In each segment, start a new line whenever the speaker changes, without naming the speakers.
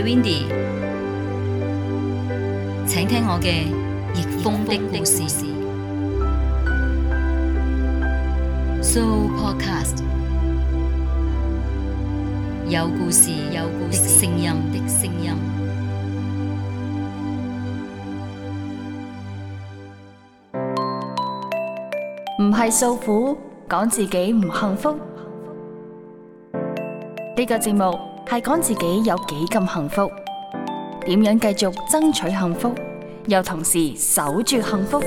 係 Windy，請聽我嘅逆風的故事。So podcast 有故事，有故事，有聲音的聲音，唔係訴苦，講自己唔幸福。呢個節目。係講自己有幾咁幸福，點樣繼續爭取幸福，又同時守住幸福。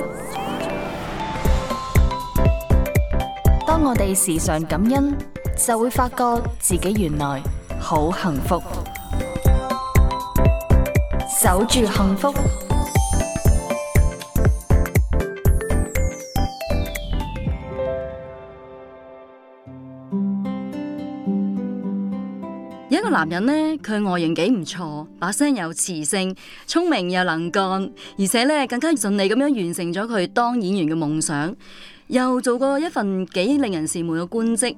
當我哋時常感恩，就會發覺自己原來好幸福，
守住幸福。
呢個男人呢，佢外形幾唔錯，把聲又磁性，聰明又能幹，而且咧更加順利咁樣完成咗佢當演員嘅夢想，又做過一份幾令人羨慕嘅官職，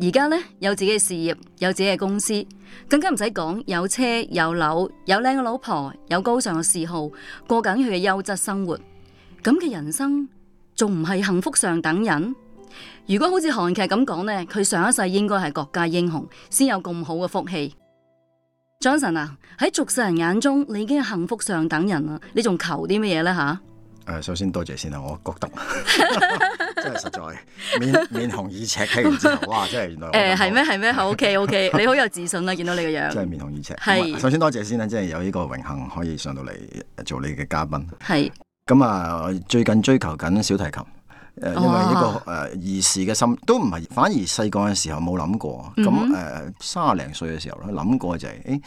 而家呢，有自己嘅事業，有自己嘅公司，更加唔使講有車有樓，有靚嘅老婆，有高尚嘅嗜好，過緊佢嘅優質生活，咁嘅人生仲唔係幸福上等人？如果好似韓劇咁講呢，佢上一世應該係國家英雄，先有咁好嘅福氣。Johnson 啊，喺俗世人眼中，你已經係幸福上等人啦，你仲求啲乜嘢呢？吓
誒、呃，首先多謝先啦，我覺得
真
係實在面面紅耳赤，聽唔知哇，真係原
來誒係咩係咩？OK OK， 你好有自信啊，見到你嘅樣真是，真係
面紅耳赤係。首先多謝先啦，即係有呢個榮幸可以上到嚟做你嘅嘉賓。係咁啊，最近追求緊小提琴。誒，因為呢個誒兒時嘅心都唔係，反而細個嘅時候冇諗過，咁誒三廿零歲嘅時候咧諗過就係、是，誒，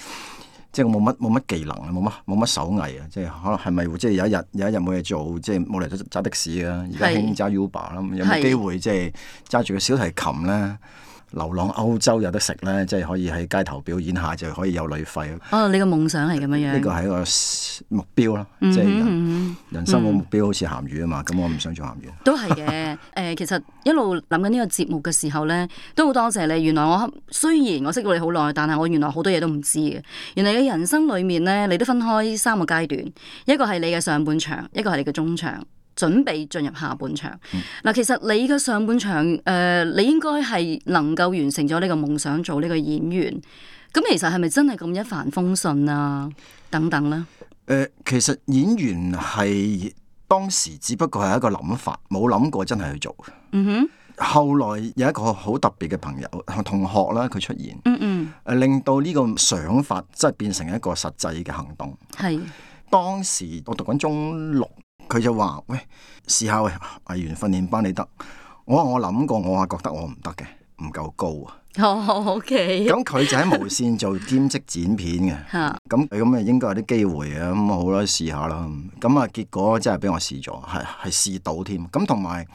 即係我冇乜冇乜技能啊，冇乜冇乜手藝啊，即係可能係咪即係有一日有一日冇嘢做，即係冇嚟到揸的士啊，而家興揸 Uber 啦，有冇機會即係揸住個小提琴咧？流浪歐洲有得食咧，即係可以喺街頭表演下，就可以有旅費。
哦，你個夢想係咁樣樣。呢個係
一個目標咯，mm hmm. 即係人生個目標好似鹹魚啊嘛，咁、mm hmm. 我唔想做鹹魚。
都係嘅，誒， 其實一路諗緊呢個節目嘅時候咧，都好多謝你。原來我雖然我識咗你好耐，但係我原來好多嘢都唔知嘅。原來你人生裡面咧，你都分開三個階段，一個係你嘅上半場，一個係你嘅中場。準備進入下半場。嗱，嗯、其實你嘅上半場誒、呃，你應該係能夠完成咗呢個夢想，做呢個演員。咁其實係咪真係咁一帆風順啊？等等咧、
呃。其實演員係當時只不過係一個諗法，冇諗過真係去做。嗯
哼。
後來有一個好特別嘅朋友同學啦，佢出現。嗯嗯。呃、令到呢個想法即係變成一個實際嘅行動。係。當時我讀緊中六。佢就話，喂，試下喂藝員訓練班你得。我話我諗過，我話覺得我唔得嘅，唔夠高
啊。哦、oh,，OK。咁
佢就喺無綫做兼職剪片嘅。咁咁啊，應該有啲機會啊。咁好啦，試下啦。咁啊，結果真係俾我試咗，係係試到添。咁同埋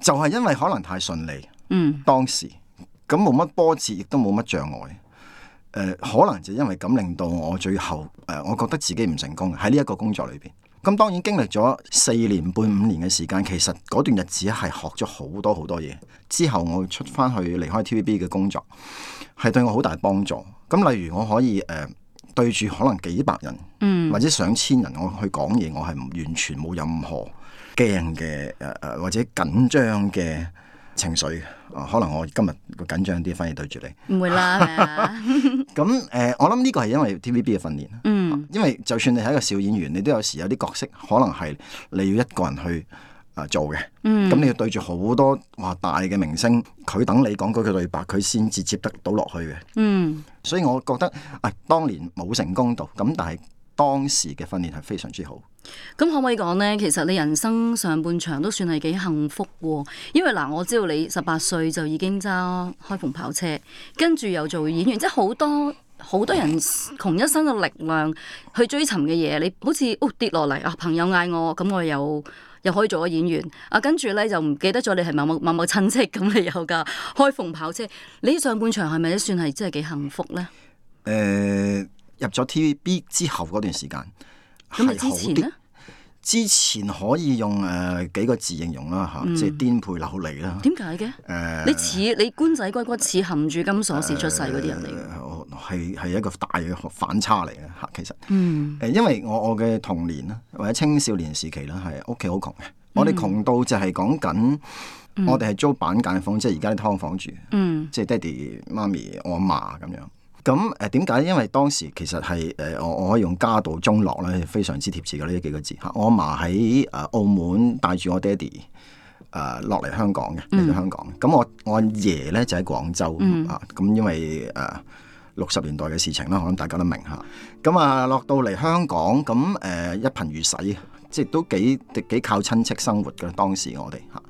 就係因為可能太順利，嗯，mm. 當時咁冇乜波折，亦都冇乜障礙。誒、呃，可能就因為咁令到我最後誒、呃，我覺得自己唔成功喺呢一個工作裏邊。咁當然經歷咗四年半五年嘅時間，其實嗰段日子係學咗好多好多嘢。之後我出翻去離開 TVB 嘅工作，係對我好大幫助。咁例如我可以誒、呃、對住可能幾百人，嗯，或者上千人，我去講嘢，我係唔完全冇任何驚嘅誒誒或者緊張嘅情緒、呃。可能我今日會緊張啲，反而對住你唔會啦。咁誒、 啊呃，我諗呢個係因為 TVB 嘅訓練。嗯。因為就算你係一個小演員，你都有時有啲角色可能係你要一個人去啊做嘅，咁、嗯、你要對住好多哇大嘅明星，佢等你講嗰句對白，佢先至接得到落去嘅。嗯，所以我覺得，誒、哎，當年冇成功到，咁但係當時嘅訓練係非常之好。
咁、嗯、可唔可以講呢？其實你人生上半場都算係幾幸福，因為嗱，我知道你十八歲就已經揸開，開篷跑車，跟住又做演員，即係好多。好多人窮一生嘅力量去追尋嘅嘢，你好似屋跌落嚟啊！朋友嗌我，咁我又又可以做個演員啊！跟住咧就唔記得咗你係某某某某親戚，咁你有噶開篷跑車。你上半場係咪都算係真係幾幸福咧？
誒、嗯、入咗 T V B 之後嗰段時間你之前咧，之前可以用誒、呃、幾個字形容啦嚇、啊，即係顛沛流離啦。點解嘅？誒、嗯、你似
你官仔骨骨似含住金鎖匙出世嗰啲人嚟。嗯
嗯嗯係係一個大嘅反差嚟嘅吓，其實誒，嗯、因為我我嘅童年啦，或者青少年時期啦，係屋企好窮嘅。我哋窮到就係講緊，我哋係租板間房，嗯、即係而家啲㓥房住。嗯，即係爹哋媽咪我阿嫲咁樣咁誒。點、嗯、解？因為當時其實係誒，我我可以用家道中落咧，非常之貼切嘅呢幾個字。我阿嫲喺誒澳門帶住我爹哋誒落嚟香港嘅嚟、嗯、到香港。咁我我爺咧就喺廣州啊。咁、嗯嗯、因為誒。六十年代嘅事情啦，我諗大家都明嚇。咁啊落到嚟香港，咁、呃、誒一貧如洗，即係都幾幾靠親戚生活嘅。當時我哋嚇、啊，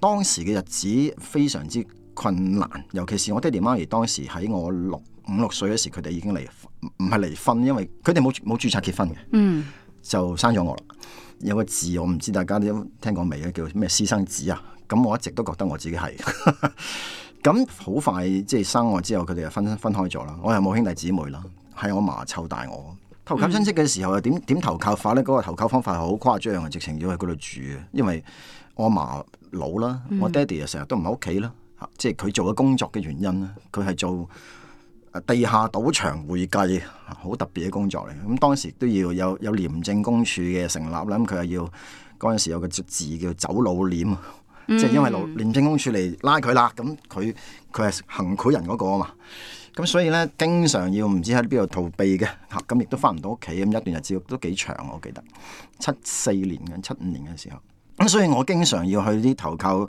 當時嘅日子非常之困難，尤其是我爹哋媽咪當時喺我六五六歲嗰時，佢哋已經離唔係離婚，因為佢哋冇冇註冊結婚嘅。嗯，就生咗我啦。有個字我唔知大家聽過未咧，叫咩私生子啊。咁、啊、我一直都覺得我自己係。 咁好快，即係生我之後，佢哋就分分開咗啦。我又冇兄弟姊妹啦，係我阿嫲湊大我。投靠親戚嘅時候啊，點點投靠法咧？嗰、那個投靠方法係好誇張嘅，直情要喺嗰度住嘅，因為我阿嫲老啦，我爹哋又成日都唔喺屋企啦，即係佢做嘅工作嘅原因啦，佢係做啊地下賭場會計，好特別嘅工作嚟。咁當時都要有有廉政公署嘅成立啦，咁佢係要嗰陣時有個字叫走佬臉。即係、嗯、因為廉政公署嚟拉佢啦，咁佢佢係行賄人嗰個啊嘛。咁所以咧，經常要唔知喺邊度逃避嘅嚇，咁亦都翻唔到屋企，咁一段日子都幾長，我記得七四年嘅七五年嘅時候咁。所以我經常要去啲投靠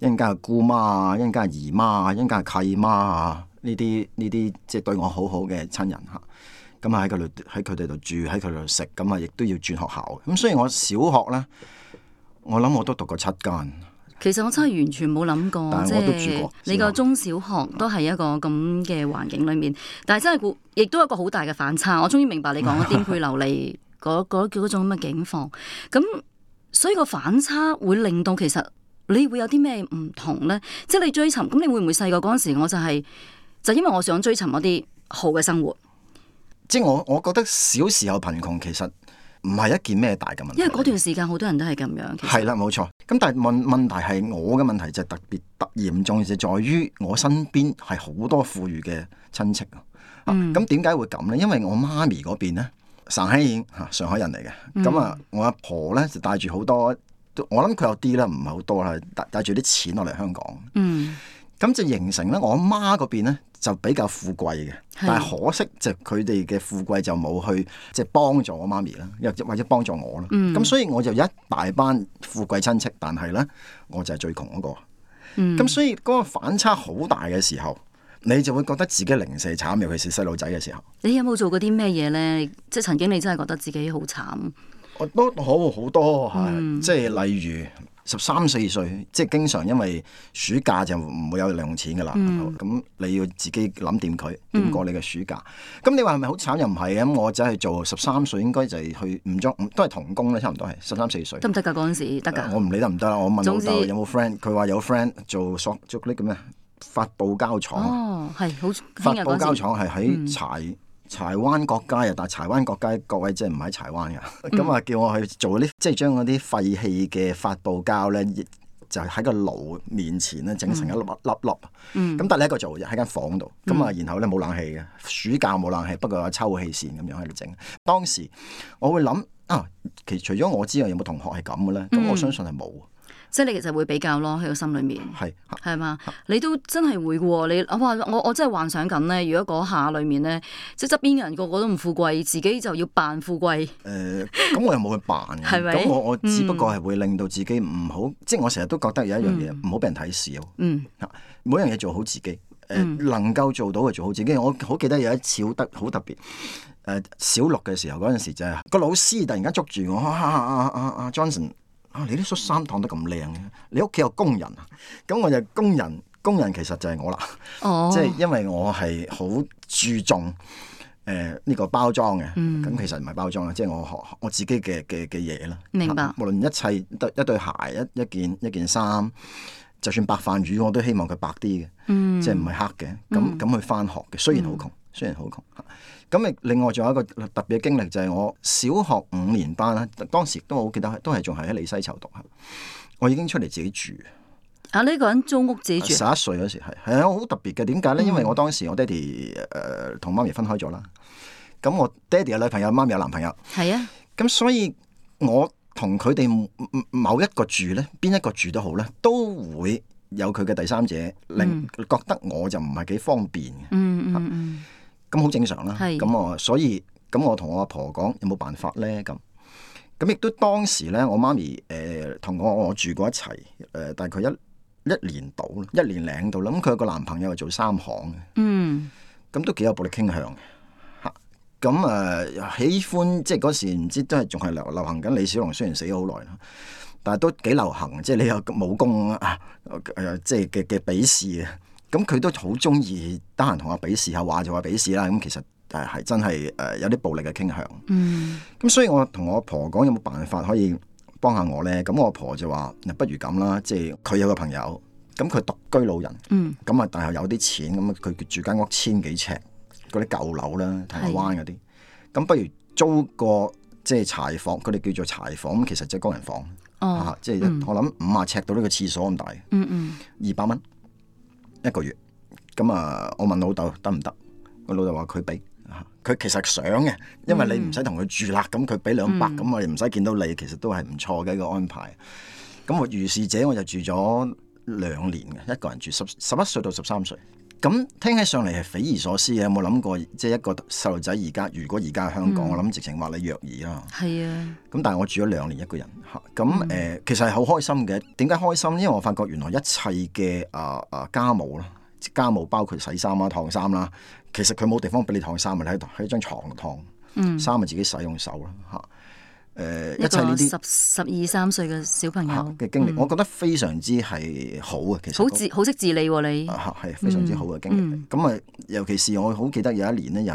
一陣間係姑媽啊，一陣間係姨媽啊，一陣間係契媽啊呢啲呢啲，即係、就是、對我好好嘅親人嚇。咁啊喺佢度，喺佢哋度住，喺佢度食，咁啊亦都要轉學校咁。雖然我小學咧，我諗我都讀過七間。
其實我真係完全冇諗過，即係你個中小學都係一個咁嘅環境裏面，嗯、但係真係亦都有一個好大嘅反差。我終於明白你講嘅顛沛流離嗰嗰叫嗰種咁嘅境況。咁 所以個反差會令到其實你會有啲咩唔同呢？即係你追尋，咁你會唔會細個嗰陣時我就係、是、就因為我想追尋我啲
好嘅生活？即係我我覺得小時候貧窮其實。唔係一件咩大嘅問題，因為嗰段時間好多人都係咁樣，係啦冇錯。咁但係問問題係我嘅問題就係、特別特嚴重，就係在於我身邊係好多富裕嘅親戚、嗯、啊。咁點解會咁呢？因為我媽咪嗰邊呢，上海人嚟嘅。咁、嗯、啊，我阿婆呢，就帶住好多，我諗佢有啲啦，唔係好多啦，帶帶住啲錢落嚟香港。嗯。咁就形成咧，我阿媽嗰邊咧就比較富貴嘅，的但係可惜就佢哋嘅富貴就冇去即係幫助我媽咪啦，又或者幫助我啦。咁、嗯、所以我就一大班富貴親戚，但係咧我就係最窮嗰、嗰個。咁、嗯、所以嗰個反差好大嘅時候，你就會覺得自己零舍慘，尤其是細路仔嘅時候。
你有冇做過啲咩嘢咧？即係曾經你真係覺得自己好慘。
我都好好多，即係、嗯、例如。十三四歲，即係經常因為暑假就唔會有零用錢噶啦。咁、嗯、你要自己諗掂佢點過你嘅暑假。咁、嗯、你話係咪好慘？又唔係咁，我仔去做十三歲應該就係去唔中，都係童工啦，差唔多係十三四歲。得
唔得㗎？嗰陣時得
㗎、呃。我唔理得唔得啦。我問老豆之有冇 friend，佢話有 friend 做所做呢個咩發布膠廠。
哦，係好發布膠廠係喺
柴、嗯。柴灣國家啊，但係柴灣國家各位即係唔喺柴灣嘅，咁啊、嗯、 叫我去做啲即係將嗰啲廢棄嘅發佈膠咧，就喺個爐面前咧整成一粒粒粒。咁、嗯、 但係呢一個做喺間房度，咁啊，然後咧冇冷氣嘅，暑假冇冷氣，不過有抽氣扇咁樣喺度整。當時我會諗啊，其實除咗我之外，有冇同學係咁嘅咧？咁、嗯、我相信係冇。
即係你其實會比較咯，喺個心裏面，係係嘛，你都真係會嘅。你我話我我真係幻想緊咧，如果嗰下裏面咧，即係側邊嘅人個個都唔富貴，自己就要扮富貴。誒、呃，咁我又
冇去扮，咁 吧我我只不過係會令到自己唔好，嗯、即係我成日都覺得有一樣嘢唔好俾人睇少。嗯，嗯每樣嘢做好自己。誒、呃，能夠做到嘅做好自己。我好記得有一次好得好特別，誒，小六嘅時候嗰陣時就係個老師突然間捉住我、啊啊啊啊啊，Johnson。啊！你啲恤衫燙得咁靚嘅，你屋企有工人啊？咁我就工人，工人其實就係我啦。
哦，即係因
為我係好注重誒呢、呃這個包裝嘅。嗯，咁其實唔係包裝啦，即、就、係、是、我學我自己嘅嘅嘅嘢啦。明白。Mm. 無論一切對一對鞋一一件一件衫，就算白飯魚我都希望佢白啲嘅，即係唔係黑嘅。咁咁、mm. 去返學嘅，雖然好窮。Mm. 雖然好窮，咁、嗯、另外仲有一個特別嘅經歷，就係、是、我小學五年班啦，當時都好記得，都係仲係喺李西湊讀。我已經出嚟自己住。
啊，呢、這個人租屋自己住。十
一歲嗰時係係啊，好特別嘅。點解呢？因為我當時我爹哋誒同媽咪分開咗啦。咁我爹哋有女朋友，媽咪有男朋友。係啊的。咁所以我同佢哋某一個住呢，邊一個住都好呢，都會有佢嘅第三者，令、嗯、覺得我就唔係幾方便嗯。
嗯嗯嗯。
咁好正常啦，咁啊的，所以咁我同我阿婆講有冇辦法呢？咁咁亦都當時呢，我媽咪誒同、呃、我我住過一齊誒、呃，大概一一年到啦，一年零到啦。咁佢有個男朋友做三行嘅，嗯，咁都幾有暴力傾向啊。咁啊，喜歡即係嗰時唔知都係仲係流流行緊李小龍，雖然死咗好耐，但係都幾流行。即係你有武功啊，即係嘅嘅比試啊。啊咁佢都好中意得閒同我比試下，話就話比試啦。咁其實誒係真係誒有啲暴力嘅傾向。嗯。咁所以我同我阿婆講有冇辦法可以幫下我呢？咁我阿婆，婆就話，不如咁啦，即係佢有個朋友，咁佢獨居老人。嗯。咁啊，但係有啲錢，咁佢住間屋千幾尺，嗰啲舊樓啦，台灣嗰啲。咁不如租個即係柴房，佢哋叫做柴房，其實即係工人房。
哦。啊、即係、嗯、我
諗五十尺到呢個廁所咁大。二百蚊。一個月，咁啊，我問老豆得唔得？我老豆話佢俾，佢、啊、其實想嘅，因為你唔使同佢住啦，咁佢俾兩百，咁、嗯、我哋唔使見到你，其實都係唔錯嘅一個安排。咁我如是者，我就住咗兩年嘅，一個人住十十一歲到十三歲。咁聽起上嚟係匪夷所思嘅，有冇諗過？即係一個細路仔而家，如果而家香港，嗯、我諗直情話你虐兒啦。係啊的。咁但係我住咗兩年一個人嚇，咁、嗯、誒、嗯、其實係好開心嘅。點解開心？因為我發覺原來一切嘅啊啊家務啦，家務包括洗衫啊、燙衫啦，其實佢冇地方俾你燙衫嘅，喺喺張床度燙。嗯。衫咪自己使用手啦嚇。誒、呃、一，個 一切呢啲十
十二三歲嘅小朋友嘅、啊、經歷，嗯、我覺
得非常之係好啊！其實、那個、好自好識自理喎、啊，你啊係非常之好嘅經歷。咁啊、嗯，尤其是我好記得有一年咧，又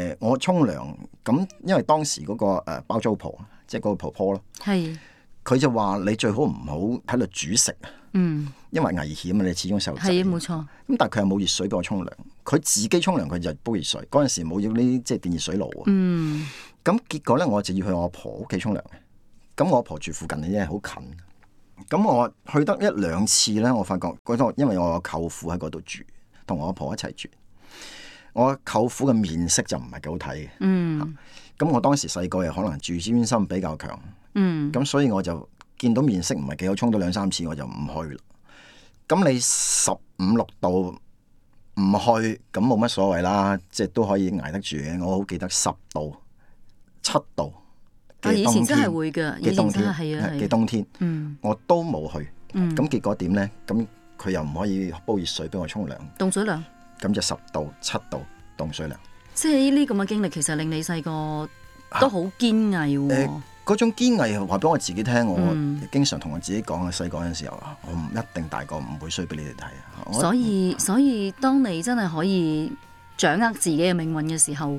係誒我沖涼咁，因為當時嗰、那個、呃、包租婆即係嗰個婆婆咯，係佢是就話你最好唔好喺度煮食，嗯，因為危險啊，你始終受制，係冇錯。咁但係佢又冇熱水俾我沖涼，佢自己沖涼佢就煲熱水。嗰陣時冇要呢啲即係電熱水爐，嗯。咁結果咧，我就要去我阿婆屋企沖涼嘅。咁我阿婆住附近嘅，即係好近。咁我去得一兩次咧，我發覺嗰度，因為我舅父喺嗰度住，同我阿婆一齊住。我舅父嘅面色就唔係幾好睇
嘅。
嗯，咁、啊、我當時細個又可能住先心比較強。嗯，咁所以我就見到面色唔係幾好，沖咗兩三次我就唔去啦。咁你十五六度唔去，咁冇乜所謂啦，即係都可以捱得住嘅。我好記得十度，七度但以前真係會㗎嘅冬天，嘅冬天係啊，嘅冬天，我都冇去，咁、嗯、結果點呢？咁佢又唔可以煲熱水俾我沖涼，凍水涼，咁就十度七度凍水涼。
即係呢，咁嘅經歷，其實令你細個都好堅毅，哦啊呃、毅。誒，
嗰種堅毅，話俾我自己聽，我經常同我自己講啊，細個嗰陣時候啊，我唔一定大個唔會衰俾你哋睇。所
以，所以當你真係可以掌握自己嘅命運嘅時候。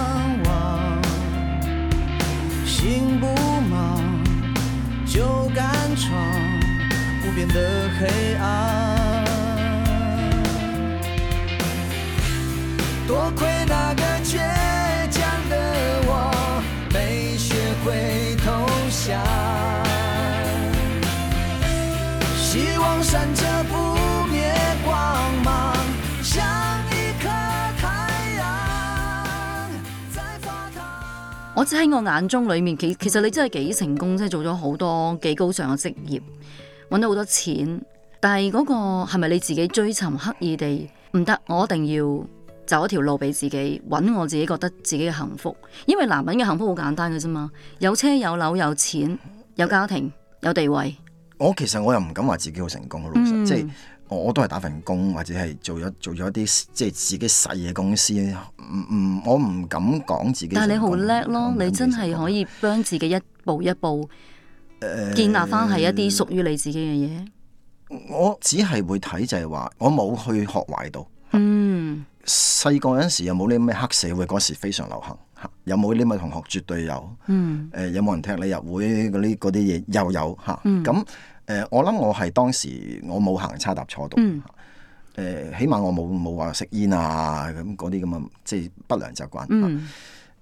多虧那個倔強的我沒學會投降。
我只喺我眼中裏面，其其實你真係幾成功，真係做咗好多幾高尚嘅職業。揾到好多錢，但係嗰個係咪你自己追尋刻意地唔得？我一定要走一條路俾自己揾我自己覺得自己嘅幸福，因為男人嘅幸福好簡單嘅啫嘛，有車有樓有錢有家庭有地位。
我其實我又唔敢話自己好成功嘅老實，嗯、即係我都係打份工或者係做咗做咗一啲即係自己細嘅公司。唔唔，我唔敢講自己。但係你好
叻咯，你真係可以幫自己一步一步。
建立翻係一啲屬於你自己嘅嘢，我只係會睇就係話，我冇去學壞到。嗯，細個嗰陣時有冇啲咩黑社會嗰時非常流行吓，有冇呢啲咩同學？絕對有。嗯，誒、呃、有冇人踢你入會嗰啲啲嘢又有吓。咁誒、嗯呃，我諗我係當時我冇行差踏錯到。誒、嗯呃，起碼我冇冇話食煙啊咁嗰啲咁嘅，即係、就是、不良習慣。誒、嗯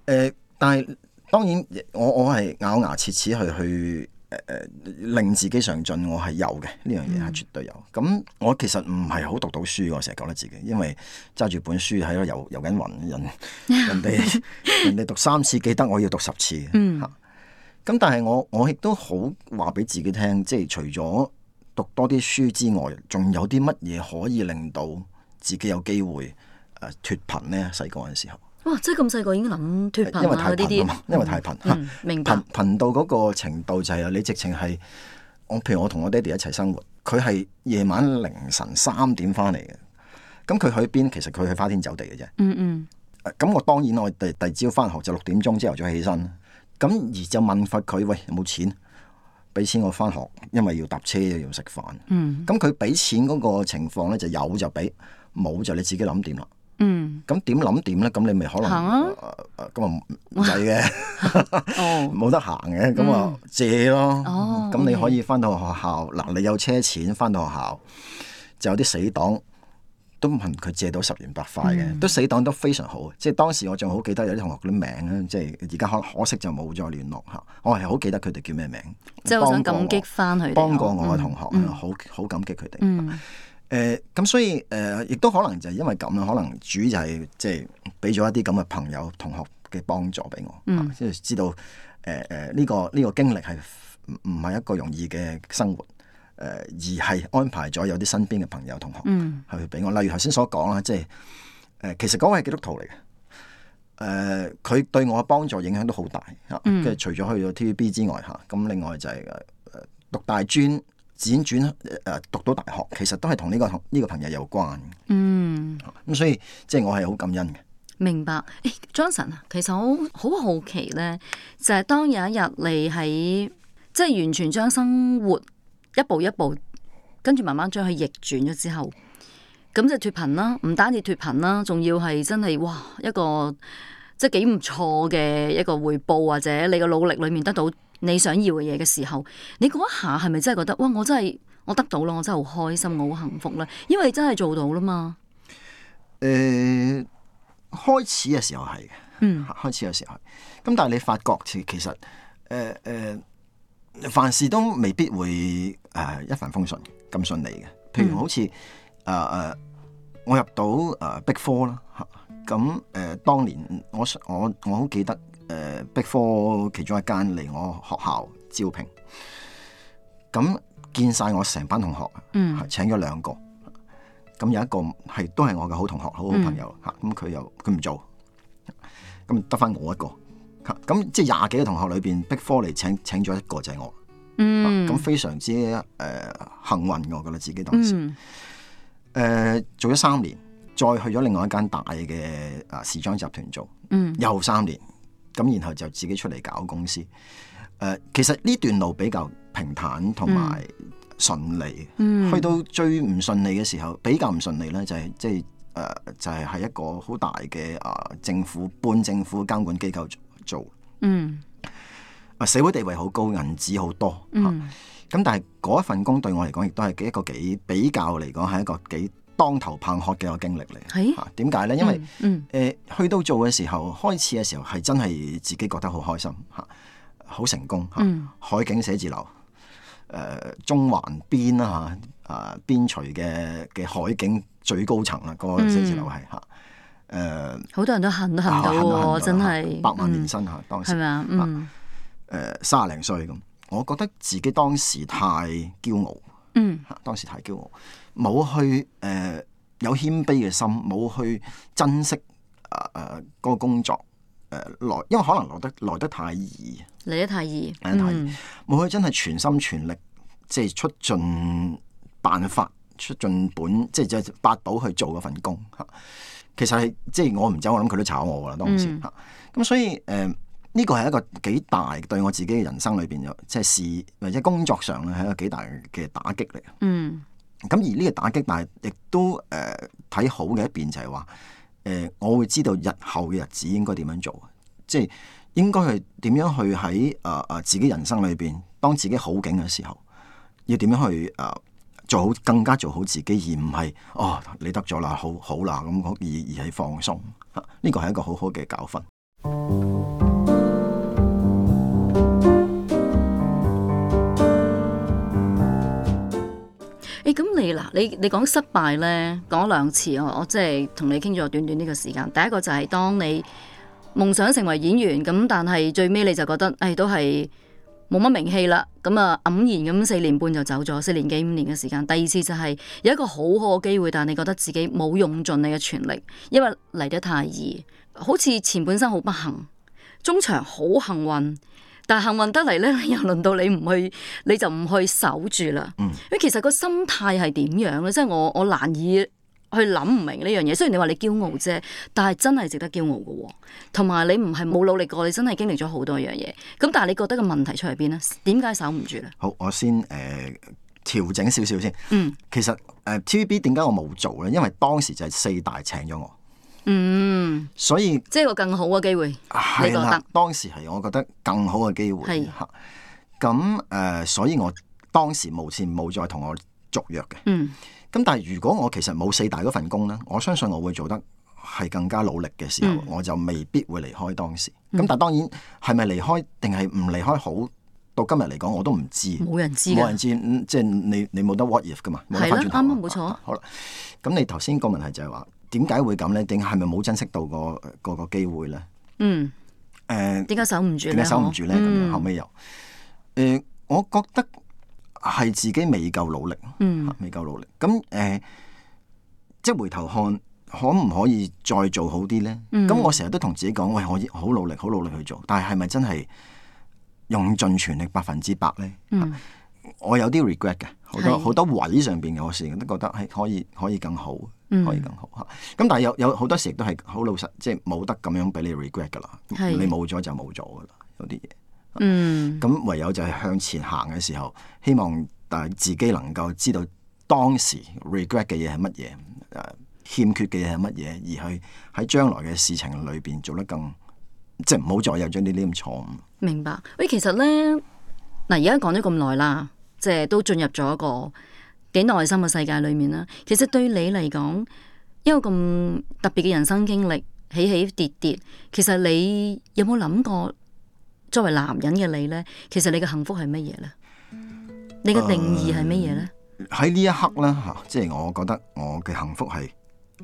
呃，但係當然我我係咬牙切齒去去。去誒、呃、令自己上進，我係有嘅呢樣嘢係絕對有。咁、嗯、我其實唔係好讀到書，我成日覺得自己，因為揸住本書喺度游游緊云人，人哋 人哋讀三次記得，我要讀十次。嗯、啊。咁但係我我亦都好話俾自己聽，即係除咗讀多啲書之外，仲有啲乜嘢可以令到自己有機會誒脫貧呢？細個嗰陣時候。
哇！即係咁細個已經諗脫貧啊嗰啲啲啊嘛，因為太貧吓，貧、嗯、
貧到嗰個程度就係啊！你直情係我，譬如我同我爹哋一齊生活，佢係夜晚凌晨三點翻嚟嘅。咁佢去邊？其實佢去花天酒地嘅啫、嗯。嗯嗯。咁、啊、我當然我第第二朝翻學就六點鐘之後再起身。咁而就問翻佢：喂，有冇錢？俾錢我翻學，因為要搭車又要食飯。嗯。咁佢俾錢嗰個情況咧，就有就俾，冇就，就你自己諗點啦。嗯，咁點諗點咧？咁你咪可能，咁啊唔使嘅，冇得行嘅，咁啊借咯。咁你可以翻到學校，嗱，你有車錢翻到學校，就有啲死黨都問佢借到十元八塊嘅，都死黨都非常好。即係當時我仲好記得有啲同學嘅名咧，即係而家可可惜就冇再聯絡吓。我係好記得佢哋叫咩名，即係我想感激翻佢，幫過我嘅同學，好好感激佢哋。誒咁、呃、所以誒，亦、呃、都可能就係因為咁啦，可能主要就係即係俾咗一啲咁嘅朋友同學嘅幫助俾我，即係、嗯啊、知道誒誒呢個呢、呢個經歷係唔唔係一個容易嘅生活，誒、呃、而係安排咗有啲身邊嘅朋友同學去俾我，嗯、例如頭先所講啦，即係誒其實嗰位係基督徒嚟嘅，誒、呃、佢對我嘅幫助影響都好大嚇，跟、啊、住除咗去咗 T V B 之外嚇，咁、啊、另外就係、是、誒、呃、讀大專。輾轉誒讀到大學，其實都係同呢個同呢個朋友有關。嗯，咁、嗯、所以即係我係好感恩嘅。
明白，誒，Johnson 啊，其實我好好奇咧，就係、是、當有一日你喺即係完全將生活一步一步跟住慢慢將佢逆轉咗之後，咁就係脫貧啦，唔單止脫貧啦，仲要係真係哇一個即係幾唔錯嘅一個回報，或者你嘅努力裏面得到。你想要嘅嘢嘅時候，你嗰一下係咪真係覺得，哇！我真係我得到咯，我真係好開心，我好幸福咧，因為你真係做到啦嘛。
誒、呃，開始嘅時候係嘅，嗯，開始嘅時候係。咁但係你發覺其其實誒誒、呃呃，凡事都未必會誒、呃、一帆風順咁順利嘅。譬如好似誒誒，我入到誒 Big Four 啦，咁、呃、誒、呃、當年我我我好記得。誒，碧科、uh, 其中一間嚟我學校招聘，咁見晒我成班同學，嗯，係請咗兩個，咁有一個係都係我嘅好同學，好好朋友吓。咁佢、嗯啊、又佢唔做，咁得返我一個吓。咁、啊、即係廿幾個同學裏邊，碧科嚟請請咗一個就係我，
咁、嗯啊、非
常之誒、呃、幸運我㗎喇自己當時。誒、嗯呃，做咗三年，再去咗另外一間大嘅啊時裝集團做，嗯、又三年。咁然後就自己出嚟搞公司，誒、呃、其實呢段路比較平坦同埋順利，嗯、去到最唔順利嘅時候，比較唔順利呢就係、是、即係誒、呃、就係、是、一個好大嘅啊、呃、政府半政府監管機構做，做嗯、啊，社會地位好高，銀紙好多，嗯、啊，咁但係嗰一份工對我嚟講，亦都係一個幾比較嚟講係一個幾當頭棒喝嘅個經歷嚟，點解咦呢？因
為
誒、嗯呃、去到做嘅時候，開始嘅時候係真係自己覺得好開心，吓、啊、好成功，啊、嗯，海景寫字樓，誒、呃、中環邊啦吓，啊邊陲嘅嘅海景最高層啦、那個寫字樓係吓，誒、啊、好、嗯呃、多人都恨都恨唔到、啊、到，真係的百萬年薪吓，嗯、當時係咪啊？嗯，誒卅零歲三十零歲咁，我覺得自己當時太驕傲，嗯，當時太驕傲。冇去誒、呃、有謙卑嘅心，冇去珍惜誒誒個工作誒來、呃，因為可能來得來得太易，
來得太易，
冇、嗯、去真係全心全力，即係出盡辦法、出盡本，即係八寶去做嗰份工嚇。其實係即係我唔走，我諗佢都炒我啦，當時嚇。咁、嗯啊、所以誒呢、呃這個係一個幾大對我自己嘅人生裏邊有即係事或者工作上咧係一個幾大嘅打擊嚟。嗯。咁而呢個打擊，但係亦都誒睇好嘅一邊就係話，誒我會知道日後嘅日子應該點樣做，即係應該係點樣去喺啊啊自己人生裏邊，當自己好景嘅時候，要點樣去啊做好更加做好自己，而唔係哦你得咗啦，好好啦咁，而而係放鬆，呢個係一個好好嘅教訓。
咁、哎、你嗱，你你講失敗咧，講兩次，我我即係同你傾咗短短呢個時間。第一個就係當你夢想成為演員咁，但係最尾你就覺得，誒、哎、都係冇乜名氣啦。咁啊黯然咁四年半就走咗，四年幾五年嘅時間。第二次就係有一個好好嘅機會，但係你覺得自己冇用盡你嘅全力，因為嚟得太易，好似前半生好不幸，中場好幸運。但幸運得嚟咧，又輪到你唔去，你就唔去守住啦。因、嗯、其實個心態係點樣咧？即係我我難以去諗唔明呢樣嘢。雖然你話你驕傲啫，但係真係值得驕傲嘅喎、哦。同埋你唔係冇努力過，你真係經歷咗好多樣嘢。咁但係你覺得個問題出喺邊咧？點解守唔住咧？
好，我先誒、呃、調整少少先。嗯，其實誒、呃、TVB 點解我冇做咧？因為當時就係四大請咗我。嗯，所以
即係個更好嘅機會，
你覺得當時係我覺得更好嘅機會。係咁誒，所以我當時無綫冇再同我續約嘅。嗯，咁但係如果我其實冇四大嗰份工咧，我相信我會做得係更加努力嘅時候，我就未必會離開當時。咁但係當然係咪離開定係唔離開好，到今日嚟講我都唔知，冇人知，冇人知，即係你你冇得 what if 噶嘛？係啦，
啱啊，冇錯。
好啦，咁你頭先個問題就係話。點解會咁呢？定係咪冇珍惜到個嗰個機會呢？嗯，
點解守唔住呢？點解守唔住呢？咁樣後
尾，又誒，我覺得係自己未夠努力，未夠努力。咁誒，即係回頭看，可唔可以再做好啲呢？咁、嗯、我成日都同自己講，喂，我好努力，好努力去做，但係係咪真係用盡全力百分之百呢？嗯我有啲 regret 嘅，好多好的多位上邊嘅我事，我都覺得係可以可以更好，嗯、可以更好吓。咁但係有有好多時都係好老實，即係冇得咁樣俾你 regret 噶啦。的你冇咗就冇咗噶啦，有啲嘢。嗯。咁、啊、唯有就係向前行嘅時候，希望但係自己能夠知道當時 regret 嘅嘢係乜嘢，誒、啊、欠缺嘅嘢係乜嘢，而去喺將來嘅事情裏邊做得更，即係唔好再有將呢啲咁錯誤。
明白。喂，其實咧。嗱，而家講咗咁耐啦，即係都進入咗一個幾內心嘅世界裏面啦。其實對於你嚟講，一個咁特別嘅人生經歷，起起跌跌，其實你有冇諗過作為男人嘅你呢，其實你嘅幸福係乜嘢呢？你嘅定義係乜嘢呢？
喺呢、呃、一刻呢，嚇、啊，即係我覺得我嘅幸福係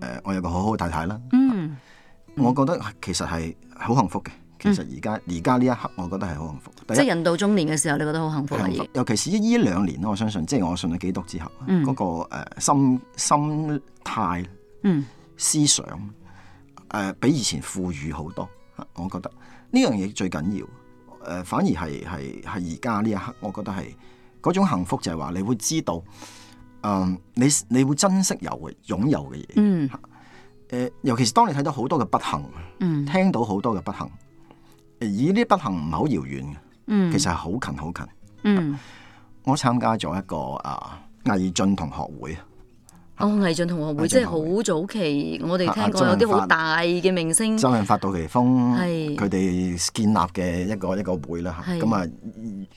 誒、啊，我有個好好嘅太太啦。啊、嗯，我覺得其實係好幸福嘅。其實而家而家呢一刻，我覺得係好幸福。即係人
到中年嘅時候，你覺得好幸福。
尤其是呢一兩年，我相信即係我信咗基督之後，嗰個誒心心態、思想誒，比以前富裕好多。我覺得呢樣嘢最緊要誒，反而係係係而家呢一刻，我覺得係嗰種幸福就係話，你會知道，嗯、呃，你你會珍惜有嘅擁有嘅嘢。嗯，誒、呃，尤其是當你睇到好多嘅不幸，聽到好多嘅不幸。嗯以呢啲不幸唔係好遙遠嘅，其實係好近好近。嗯，我參加咗一個啊藝俊同學會
啊，哦藝進同學會即係好早期，我哋聽過有啲好大嘅明星，周
潤發、杜琪峰，係佢哋建立嘅一個一個會啦嚇。咁啊，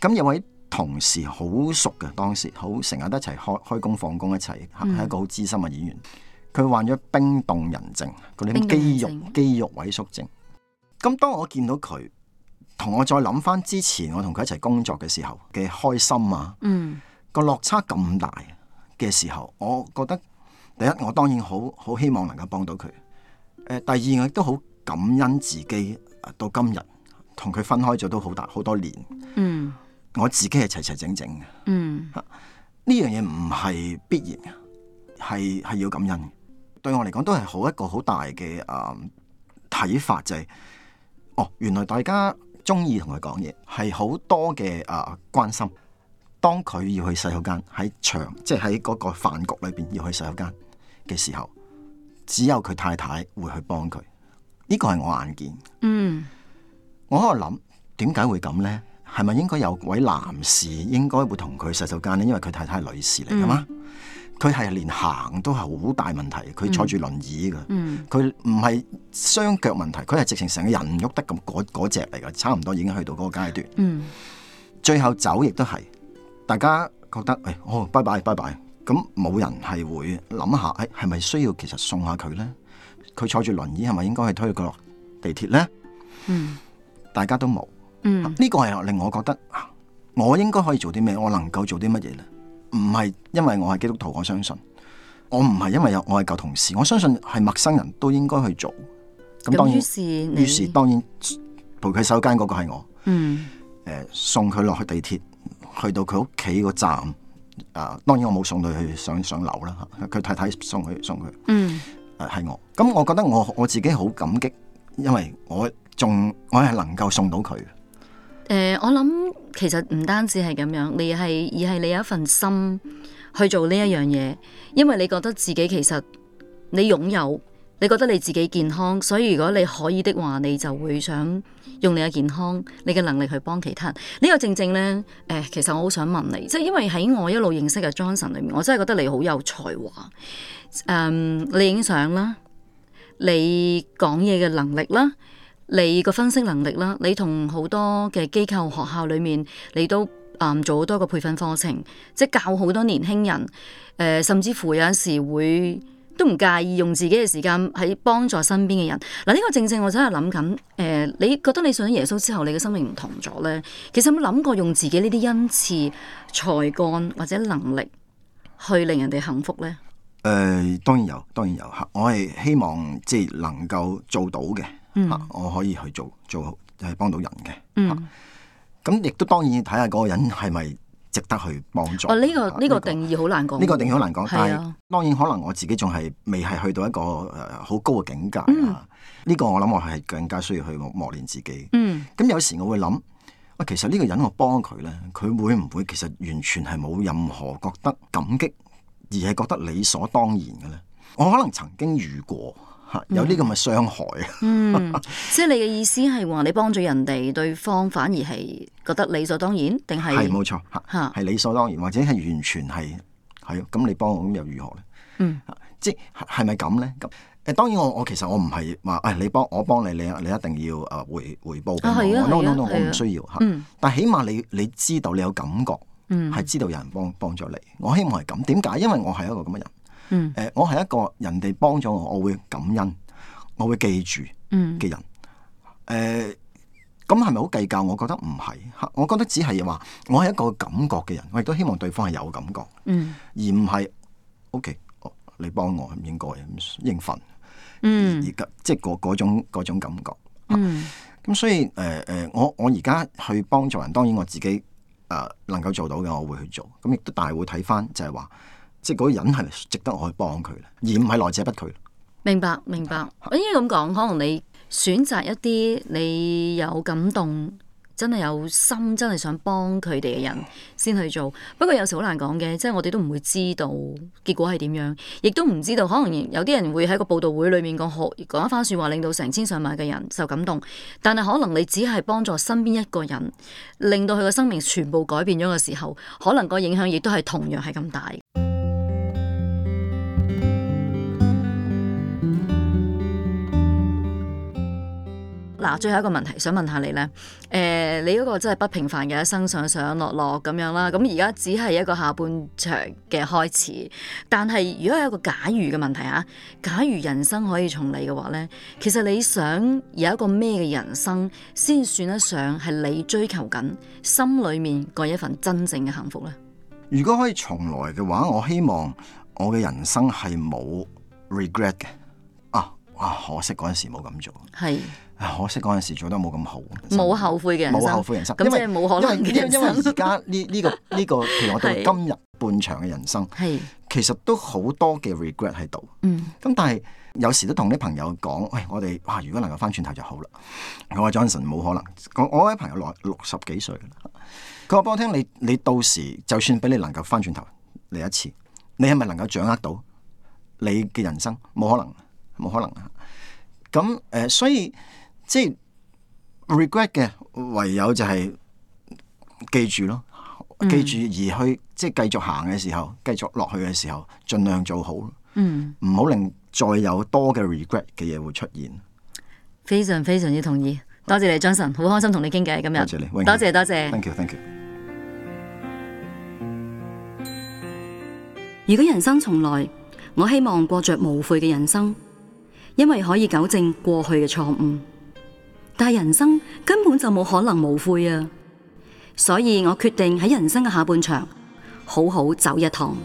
咁有位同事好熟嘅，當時好成日都一齊開開工放工一齊，係一個好資深嘅演員。佢患咗冰凍人症，嗰啲肌肉肌肉萎縮症。咁當我見到佢，同我再諗返之前我同佢一齊工作嘅時候嘅開心啊，嗯，個落差咁大嘅時候，我覺得第一我當然好好希望能夠幫到佢，誒，第二我亦都好感恩自己到今日同佢分開咗都好大好多年，嗯，我自己係齊齊整整嘅，嗯，呢樣嘢唔係必然嘅，係係要感恩，對我嚟講都係好一個好大嘅誒睇法就係、是。哦，原來大家中意同佢講嘢，係好多嘅啊、呃、關心。當佢要去洗手間，喺場即係喺嗰個飯局裏邊要去洗手間嘅時候，只有佢太太會去幫佢。呢個係我眼見。嗯，我喺度諗點解會咁呢？係咪應該有位男士應該會同佢洗手間呢？因為佢太太係女士嚟噶嘛。嗯。佢係連行都係好大問題，佢坐住輪椅嘅，佢唔係雙腳問題，佢係直情成個人唔喐得咁嗰隻嚟噶，差唔多已經去到嗰個階段。嗯、最後走亦都係大家覺得，哎，哦，拜拜拜拜。咁冇人係會諗下，哎，係咪需要其實送下佢呢？佢坐住輪椅係咪應該去推佢落地鐵呢？嗯、大家都冇，呢、嗯啊呢個係令我覺得、啊、我應該可以做啲咩？我能夠做啲乜嘢呢？」唔係因為我係基督徒，我相信我唔係因為有我係舊同事，我相信係陌生人都應該去做。咁當然，於是，是當然陪佢洗手間嗰個係我。嗯。誒、呃，送佢落去地鐵，去到佢屋企個站。啊、呃，當然我冇送到佢去上上樓啦。吓、啊，佢太太送佢送佢。嗯。係、呃、我。咁我覺得我我自己好感激，因為我仲我係能夠送到佢。
誒、呃，我諗其實唔單止係咁樣，你係而係你有一份心去做呢一樣嘢，因為你覺得自己其實你擁有，你覺得你自己健康，所以如果你可以的話，你就會想用你嘅健康、你嘅能力去幫其他人。呢、這個正正咧，誒、呃，其實我好想問你，即係因為喺我一路認識嘅 Johnson 裏面，我真係覺得你好有才華。誒、嗯，你影相啦，你講嘢嘅能力啦。你個分析能力啦，你同好多嘅機構學校裏面，你都誒、嗯、做好多個培訓課程，即係教好多年輕人，誒、呃、甚至乎有時會都唔介意用自己嘅時間喺幫助身邊嘅人。嗱、呃，呢個正正我真係諗緊，誒、呃，你覺得你信咗耶穌之後，你嘅生命唔同咗咧？其實有冇諗過用自己呢啲恩賜、才幹或者能力，去令人哋幸福咧？
誒、呃，當然有，當然有嚇，我係希望即係能夠做到嘅。嗯、我可以去做做係幫到人嘅，咁亦、嗯啊、都當然睇下嗰個人係咪值得去幫助。呢、哦呢個
呢、啊呢個、個定義好難講，呢個定義好難講。但係
當然可能我自己仲係未係去到一個誒好、呃、高嘅境界呢、嗯啊呢個我諗我係更加需要去磨練自己。咁、嗯、有時我會諗，啊，其實呢個人我幫佢呢，佢會唔會其實完全係冇任何覺得感激，而係覺得理所當然嘅呢？我可能曾經遇過。有啲咁嘅傷害啊
嗯！即係你嘅意思係話你幫咗人哋，對方反而係覺得理所當然，定係係冇
錯嚇，係、啊、理所當然，或者係完全係係咁你幫我咁又如何咧？
嗯、
即係咪咁咧？咁誒當然我我其實我唔係話誒你幫我幫你，你你一定要誒回回報我，no no no，我唔需要嚇。啊嗯、但係起碼你你知道你有感覺，嗯，係知道有人幫幫助你，我希望係咁點解？因為我係一個咁嘅人。嗯，呃、我係一個人哋幫咗我，我會感恩，我會記住嘅人。誒、嗯，咁係咪好計較？我覺得唔係，我覺得只係話我係一個感覺嘅人，我亦都希望對方係有感覺。嗯，而唔係，OK、哦、你幫我應該應份。嗯，而即係嗰種種感覺。嗯，咁、嗯嗯、所以誒誒、呃，我我而家去幫助人，當然我自己誒、呃、能夠做到嘅我會去做，咁亦都但係會睇翻就係話。即係嗰個人係值得我去幫佢而唔係來者不拒。
明白，明白。應該咁講，可能你選擇一啲你有感動、真係有心、真係想幫佢哋嘅人先去做。 不過有時好難講嘅，即係我哋都唔會知道結果係點樣，亦都唔知道可能有啲人會喺個報道會裡面講講一番説話，令到成千上萬嘅人受感動。但係可能你只係幫助身邊一個人，令到佢嘅生命全部改變咗嘅時候，可能個影響亦都係同樣係咁大。嗱，最後一個問題想問下你呢。誒、呃，你嗰個真係不平凡嘅一生上上落落咁樣啦。咁而家只係一個下半場嘅開始，但係如果有一個假如嘅問題嚇，假如人生可以重嚟嘅話呢？其實你想有一個咩嘅人生先算得上係你追求緊心裡面嗰一份真正嘅幸福呢？
如果可以重來嘅話，我希望我嘅人生係冇 regret 嘅啊！哇，可惜嗰陣時冇咁做，係。可惜嗰陣時做得冇咁好，
冇後悔嘅人生，冇後悔人生，因為冇可能。因為而
家呢呢個呢個，譬如我哋今日半場嘅人生，係其實都好多嘅 regret 喺度。咁、嗯、但係有時都同啲朋友講，喂、哎，我哋哇，如果能夠翻轉頭就好啦。我話 Johnson，冇可能。我我位朋友來六十幾歲，佢話，俾我聽，你你到時就算俾你能夠翻轉頭嚟一次，你係咪能夠掌握到你嘅人生？冇可能，冇可能，啊。咁誒、呃，所以。即係 regret 嘅，唯有就係記住咯，嗯、
記住
而去，即係繼續行嘅時候，繼續落去嘅時候，盡量做好嗯，唔好令再有多嘅 regret 嘅嘢會出現。
非常非常之同意，多謝你 Johnson，好、嗯、開心同你傾偈今日。多謝你多謝。如果人生重來，我希望過着無悔嘅人生，因為可以糾正過去嘅錯誤。但人生根本就冇可能無悔啊！所以我決定喺人生嘅下半場好好走一趟。